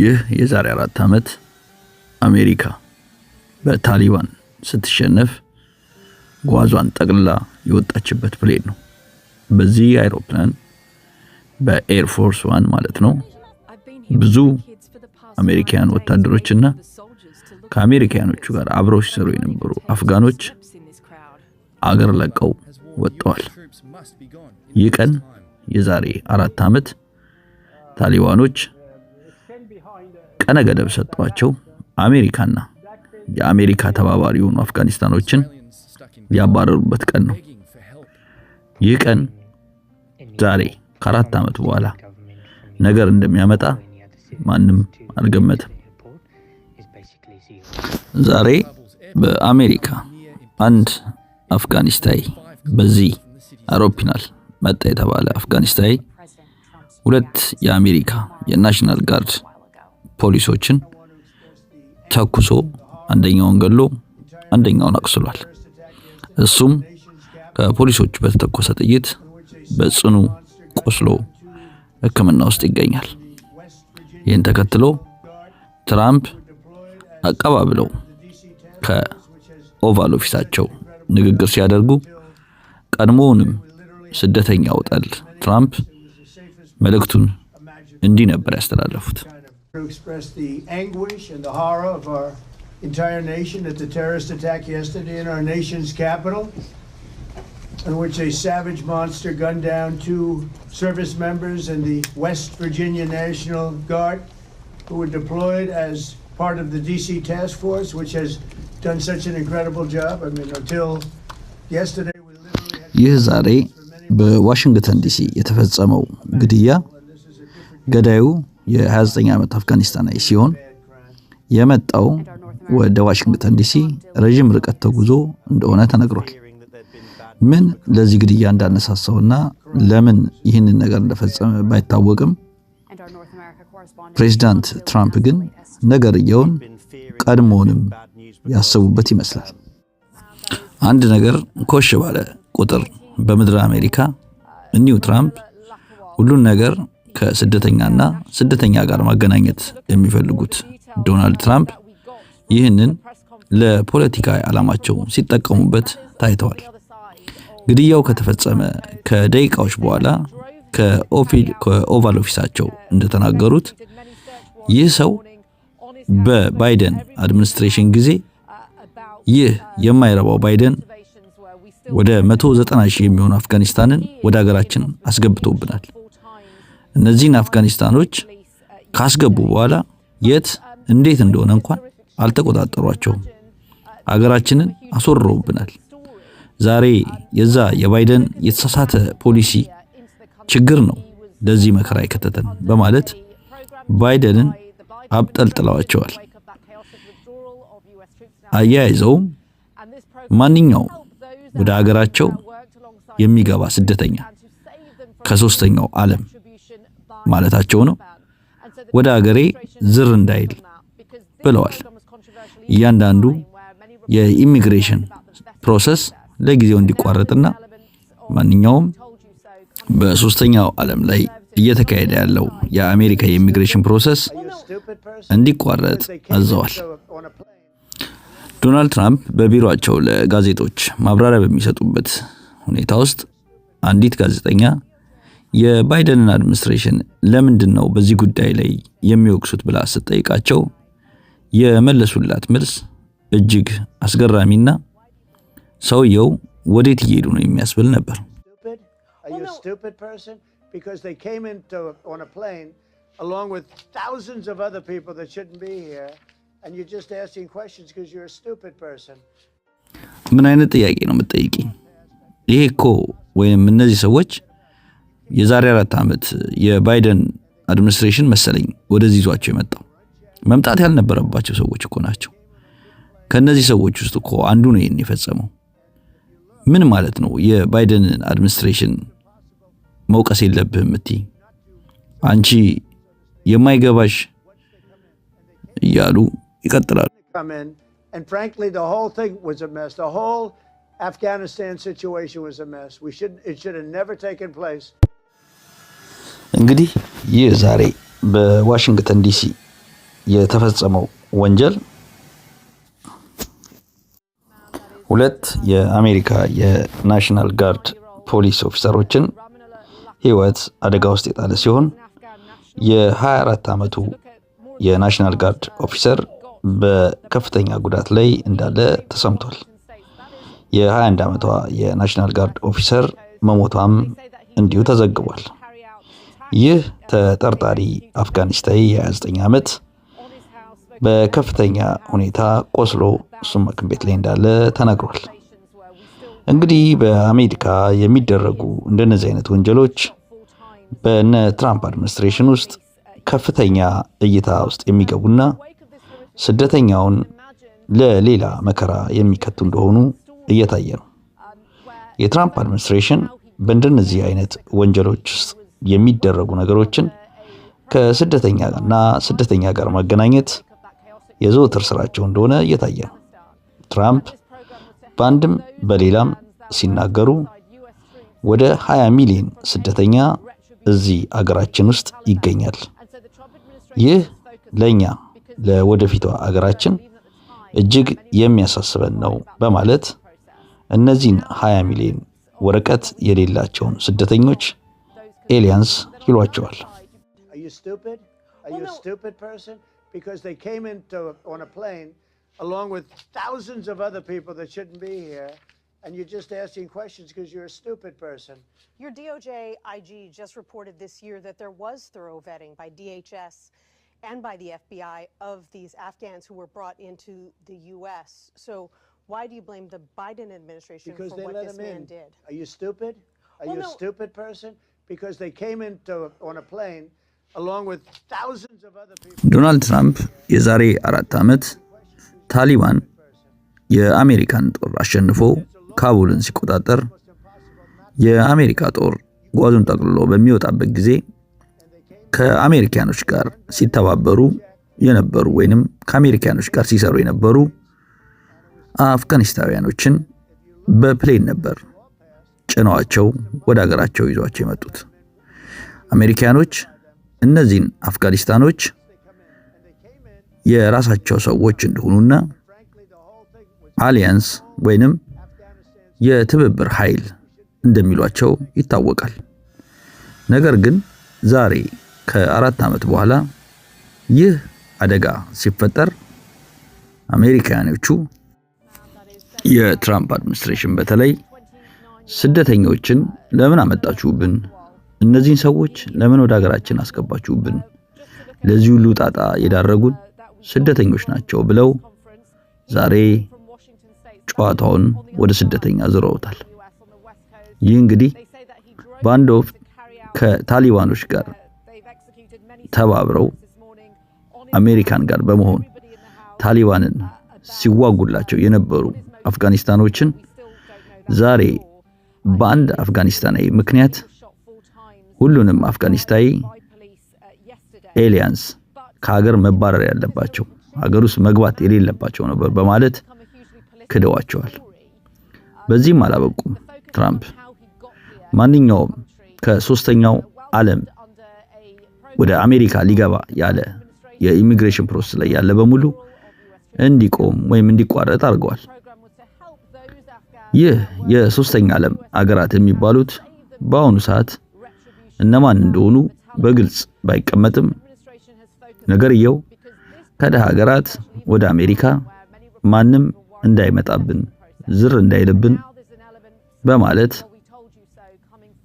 ይህ የዛሬ አራት ዓመት አሜሪካ በታሊባን ስትሸነፍ ጓዟን ጠቅልላ የወጣችበት ፕሌን ነው። በዚህ አይሮፕላን በኤርፎርስ ዋን ማለት ነው ብዙ አሜሪካውያን ወታደሮችና ከአሜሪካኖቹ ጋር አብረው ሲሰሩ የነበሩ አፍጋኖች አገር ለቀው ወጥተዋል። ይህ ቀን የዛሬ አራት ዓመት ታሊባኖች ቀነ ገደብ ሰጧቸው። አሜሪካና የአሜሪካ ተባባሪ የሆኑ አፍጋኒስታኖችን ያባረሩበት ቀን ነው። ይህ ቀን ዛሬ ከአራት ዓመት በኋላ ነገር እንደሚያመጣ ማንም አልገመትም። ዛሬ በአሜሪካ አንድ አፍጋኒስታይ በዚህ አውሮፕላን መጣ የተባለ አፍጋኒስታይ ሁለት የአሜሪካ የናሽናል ጋርድ ፖሊሶችን ተኩሶ አንደኛውን ገሎ አንደኛውን አቁስሏል። እሱም ከፖሊሶች በተተኮሰ ጥይት በጽኑ ቆስሎ ሕክምና ውስጥ ይገኛል። ይህን ተከትሎ ትራምፕ አቀባብለው ከኦቫል ኦፊሳቸው ንግግር ሲያደርጉ ቀድሞውንም ስደተኛው ጠል ትራምፕ መልእክቱን እንዲህ ነበር ያስተላለፉት። to express the anguish and the horror of our entire nation at the terrorist attack yesterday in our nation's capital, in which a savage monster gunned down two service members in the West Virginia National Guard who were deployed as part of the DC task force, which has done such an incredible job. I mean, until yesterday, we literally had... በዋሽንግተን ዲሲ የተፈጸመው ግድያ ገዳዩ የ29 ዓመት አፍጋኒስታናዊ ሲሆን የመጣው ወደ ዋሽንግተን ዲሲ ረዥም ርቀት ተጉዞ እንደሆነ ተነግሯል። ምን ለዚህ ግድያ እንዳነሳሳውና ለምን ይህንን ነገር እንደፈጸመ ባይታወቅም ፕሬዚዳንት ትራምፕ ግን ነገርየውን ቀድሞውንም ያሰቡበት ይመስላል። አንድ ነገር ኮሽ ባለ ቁጥር በምድረ አሜሪካ እኒው ትራምፕ ሁሉን ነገር ከስደተኛና ስደተኛ ጋር ማገናኘት የሚፈልጉት ዶናልድ ትራምፕ ይህንን ለፖለቲካዊ ዓላማቸው ሲጠቀሙበት ታይተዋል። ግድያው ከተፈጸመ ከደቂቃዎች በኋላ ከኦቫል ኦፊሳቸው እንደተናገሩት ይህ ሰው በባይደን አድሚኒስትሬሽን ጊዜ ይህ የማይረባው ባይደን ወደ 190 ሺህ የሚሆኑ አፍጋኒስታንን ወደ ሀገራችን አስገብቶብናል። እነዚህን አፍጋኒስታኖች ካስገቡ በኋላ የት እንዴት እንደሆነ እንኳን አልተቆጣጠሯቸውም። አገራችንን አስወርረውብናል። ዛሬ የዛ የባይደን የተሳሳተ ፖሊሲ ችግር ነው ለዚህ መከራ የከተተን በማለት ባይደንን አብጠልጥለዋቸዋል። አያይዘውም ማንኛውም ወደ አገራቸው የሚገባ ስደተኛ ከሶስተኛው ዓለም ማለታቸው ነው። ወደ አገሬ ዝር እንዳይል ብለዋል። እያንዳንዱ የኢሚግሬሽን ፕሮሰስ ለጊዜው እንዲቋረጥና ማንኛውም በሶስተኛው ዓለም ላይ እየተካሄደ ያለው የአሜሪካ የኢሚግሬሽን ፕሮሰስ እንዲቋረጥ አዘዋል። ዶናልድ ትራምፕ በቢሮአቸው ለጋዜጦች ማብራሪያ በሚሰጡበት ሁኔታ ውስጥ አንዲት ጋዜጠኛ የባይደንን አድሚኒስትሬሽን ለምንድን ነው በዚህ ጉዳይ ላይ የሚወቅሱት ብላ ስትጠይቃቸው የመለሱላት መልስ እጅግ አስገራሚና ሰውየው ወዴት እየሄዱ ነው የሚያስብል ነበር። ምን አይነት ጥያቄ ነው የምትጠይቂ? ይሄ እኮ ወይም እነዚህ ሰዎች የዛሬ አራት ዓመት የባይደን አድሚኒስትሬሽን መሰለኝ ወደዚህ ይዟቸው የመጣው መምጣት ያልነበረባቸው ሰዎች እኮ ናቸው። ከእነዚህ ሰዎች ውስጥ እኮ አንዱ ነው ይህን የፈጸመው። ምን ማለት ነው? የባይደን አድሚኒስትሬሽን መውቀስ የለብህም እምቲ አንቺ የማይገባሽ እያሉ ይቀጥላሉ። አፍጋኒስታን ሲቹዌሽን እንግዲህ ይህ ዛሬ በዋሽንግተን ዲሲ የተፈጸመው ወንጀል ሁለት የአሜሪካ የናሽናል ጋርድ ፖሊስ ኦፊሰሮችን ህይወት አደጋ ውስጥ የጣለ ሲሆን የ24 ዓመቱ የናሽናል ጋርድ ኦፊሰር በከፍተኛ ጉዳት ላይ እንዳለ ተሰምቷል። የ21 ዓመቷ የናሽናል ጋርድ ኦፊሰር መሞቷም እንዲሁ ተዘግቧል። ይህ ተጠርጣሪ አፍጋኒስታዊ የ29 ዓመት በከፍተኛ ሁኔታ ቆስሎ እሱም ሐኪም ቤት ላይ እንዳለ ተናግሯል። እንግዲህ በአሜሪካ የሚደረጉ እንደነዚህ አይነት ወንጀሎች በነ ትራምፕ አድሚኒስትሬሽን ውስጥ ከፍተኛ እይታ ውስጥ የሚገቡና ስደተኛውን ለሌላ መከራ የሚከቱ እንደሆኑ እየታየ ነው። የትራምፕ አድሚኒስትሬሽን በእንደነዚህ አይነት ወንጀሎች ውስጥ የሚደረጉ ነገሮችን ከስደተኛ እና ስደተኛ ጋር ማገናኘት የዘወትር ስራቸው እንደሆነ እየታየ ነው። ትራምፕ በአንድም በሌላም ሲናገሩ ወደ 20 ሚሊዮን ስደተኛ እዚህ አገራችን ውስጥ ይገኛል። ይህ ለኛ ለወደፊቷ አገራችን እጅግ የሚያሳስበን ነው በማለት እነዚህን 20 ሚሊዮን ወረቀት የሌላቸውን ስደተኞች Aliens, you Are stupid? a a person? Because they came on plane along with thousands of other people that shouldn't be here, And you're just asking questions because you're a stupid person. Your DOJ IG just reported this year that there was thorough vetting by DHS and by the FBI of these Afghans who were brought into the U.S. So why do you blame the Biden administration for what this man did? Are you stupid? Are you a stupid person? ዶናልድ ትራምፕ የዛሬ አራት ዓመት ታሊባን የአሜሪካን ጦር አሸንፎ ካቡልን ሲቆጣጠር የአሜሪካ ጦር ጓዙን ጠቅልሎ በሚወጣበት ጊዜ ከአሜሪካኖች ጋር ሲተባበሩ የነበሩ ወይንም ከአሜሪካኖች ጋር ሲሰሩ የነበሩ አፍጋኒስታውያኖችን በፕሌን ነበር ጭነዋቸው ወደ አገራቸው ይዟቸው የመጡት። አሜሪካኖች እነዚህን አፍጋኒስታኖች የራሳቸው ሰዎች እንደሆኑና አሊያንስ ወይንም የትብብር ኃይል እንደሚሏቸው ይታወቃል። ነገር ግን ዛሬ ከአራት ዓመት በኋላ ይህ አደጋ ሲፈጠር አሜሪካኖቹ የትራምፕ አድሚኒስትሬሽን በተለይ ስደተኞችን ለምን አመጣችሁብን? እነዚህን ሰዎች ለምን ወደ ሀገራችን አስገባችሁብን? ለዚህ ሁሉ ጣጣ የዳረጉን ስደተኞች ናቸው ብለው ዛሬ ጨዋታውን ወደ ስደተኛ ዝረውታል። ይህ እንግዲህ በአንድ ወፍ ከታሊባኖች ጋር ተባብረው አሜሪካን ጋር በመሆን ታሊባንን ሲዋጉላቸው የነበሩ አፍጋኒስታኖችን ዛሬ በአንድ አፍጋኒስታናዊ ምክንያት ሁሉንም አፍጋኒስታዊ ኤሊያንስ ከሀገር መባረር ያለባቸው ሀገር ውስጥ መግባት የሌለባቸው ነበር በማለት ክደዋቸዋል። በዚህም አላበቁም። ትራምፕ ማንኛውም ከሶስተኛው ዓለም ወደ አሜሪካ ሊገባ ያለ የኢሚግሬሽን ፕሮሰስ ላይ ያለ በሙሉ እንዲቆም ወይም እንዲቋረጥ አድርገዋል። ይህ የሶስተኛ ዓለም አገራት የሚባሉት በአሁኑ ሰዓት እነማን እንደሆኑ በግልጽ ባይቀመጥም ነገርየው ከደሃ ሀገራት ወደ አሜሪካ ማንም እንዳይመጣብን ዝር እንዳይልብን በማለት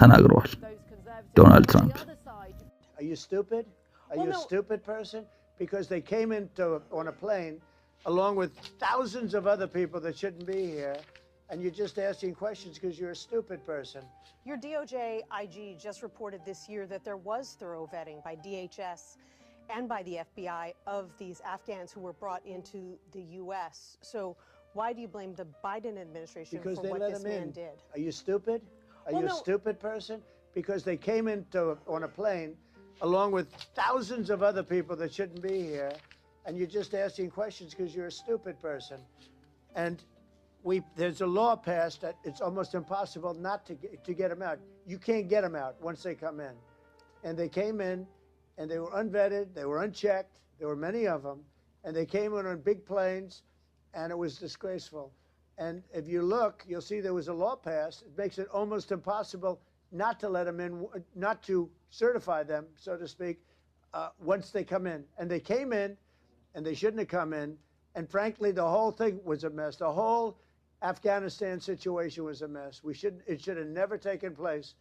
ተናግረዋል ዶናልድ ትራምፕ። because they came into on a plane along with thousands of other people that shouldn't be here and you're just asking questions because you're a stupid person. Your DOJ IG just reported this year that there was thorough vetting by DHS and by the FBI of these Afghans who were brought into the U.S. So why do you blame the Biden administration because for what this man in. did? Are you stupid? Are well, you no. a stupid person? Because they came into on a plane along with thousands of other people that shouldn't be here, and you're just asking questions because you're a stupid person. And we there's a law passed that it's almost impossible not to get, to get them out. You can't get them out once they come in, and they came in, and they were unvetted, they were unchecked. There were many of them, and they came in on big planes, and it was disgraceful. And if you look, you'll see there was a law passed. It makes it almost impossible not to let them in, not to certify them, so to speak, uh, once they come in. And they came in, and they shouldn't have come in. And frankly, the whole thing was a mess. The whole Afghanistan situation was a mess. We should it should have never taken place.